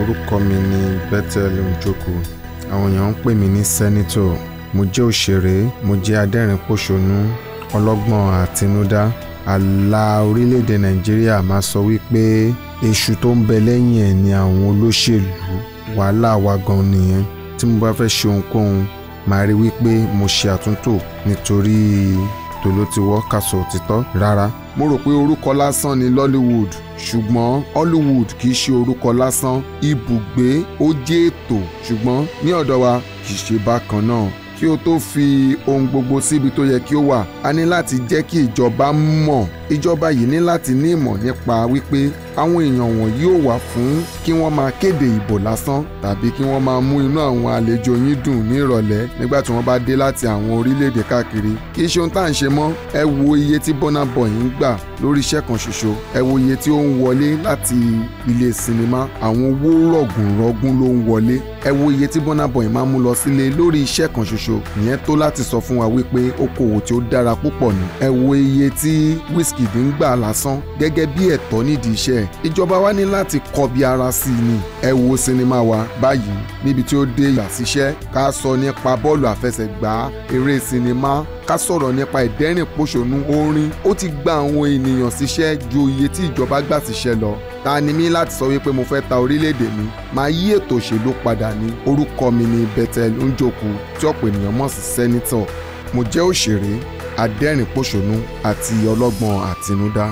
orúkọ mi ni Bethel Njoku àwọn èèyàn ń pè mí ní sẹ́nítọ̀ mo jẹ́ òṣèré mo jẹ́ adẹ́rìn-pòṣónú ọlọ́gbọ́n àtinúdá àlà orílẹ̀-èdè Nàìjíríà máa sọ wípé èṣù tó ń bẹ lẹ́yìn ẹ̀ ni àwọn olóṣèlú wàhálà wa gan nìyẹn tí mo bá fẹ́ ṣe ohunkóhun màá rí wípé mo ṣe àtúntò nítorí tòlótiwọ́ kásọ̀ òtítọ́ rárá mo rò pé orúkọ lásán ni Lollywood ṣùgbọ́n Hollywood kì í ṣe orúkọ lásán ibùgbé ó jẹ́ ètò ṣùgbọ́n ní ọ̀dọ̀ wa kì í ṣe bákan náà kí o tó fi ohun gbogbo síbi tó yẹ kí ó wà a ní láti jẹ́ kí ìjọba mọ̀ ìjọba yìí ní láti ní ìmọ̀ nípa wípé àwọn èèyàn wọ̀nyí ò wà fún kí wọ́n máa kéde ìbò lásán tàbí kí wọ́n máa mú inú àwọn àlejò yín dùn ní ìrọ̀lẹ́ nígbà tí wọ́n bá dé láti àwọn orílẹ̀-èdè káàkiri kì í ṣe ohun tá à ń ṣe mọ́ ẹ wo iye tí Burna Boy ń gbà lórí iṣẹ́ kan ṣoṣo ẹ wo iye tí ó ń wọlé láti ilé sinimá àwọn owó rọ̀gùnrọ̀gùn ló ń wọlé ẹ wo iye tí Burna Boy máa mú lọ sílé lórí iṣẹ́ kan ṣoṣo ìyẹn tó láti sọ fún wa wípé okòwò tí ó dára púpọ̀ ni ẹ wo iye tí Wizkid ìdíngbà lásán gẹ́gẹ́ bí ẹ̀tọ́ nídìí iṣẹ́ ìjọba wa ní láti kọbi ara sí i ni ẹ wo sinimá wa báyìí níbi tí ó dé ìgbà síṣẹ́ ká sọ nípa bọ́ọ̀lù àfẹsẹ̀gbá eré sinimá ká sọ̀rọ̀ nípa ìdẹ́rìn pòṣónú orin ó ti gba àwọn ènìyàn síṣẹ́ ju iye tí ìjọba gbà síṣẹ́ lọ ta ni mí láti sọ wípé mo fẹ́ ta orílẹ̀-èdè mi máa yí ètò òṣèlú padà ní orúkọ mi ni Bethel Njoku tí ọ̀pọ̀ ènìyàn mọ̀ sí sẹ́nitọ̀ mo jẹ́ òṣèré adẹ́rìn-pọ̀ṣónú àti ọlọ́gbọ́n àtinúdá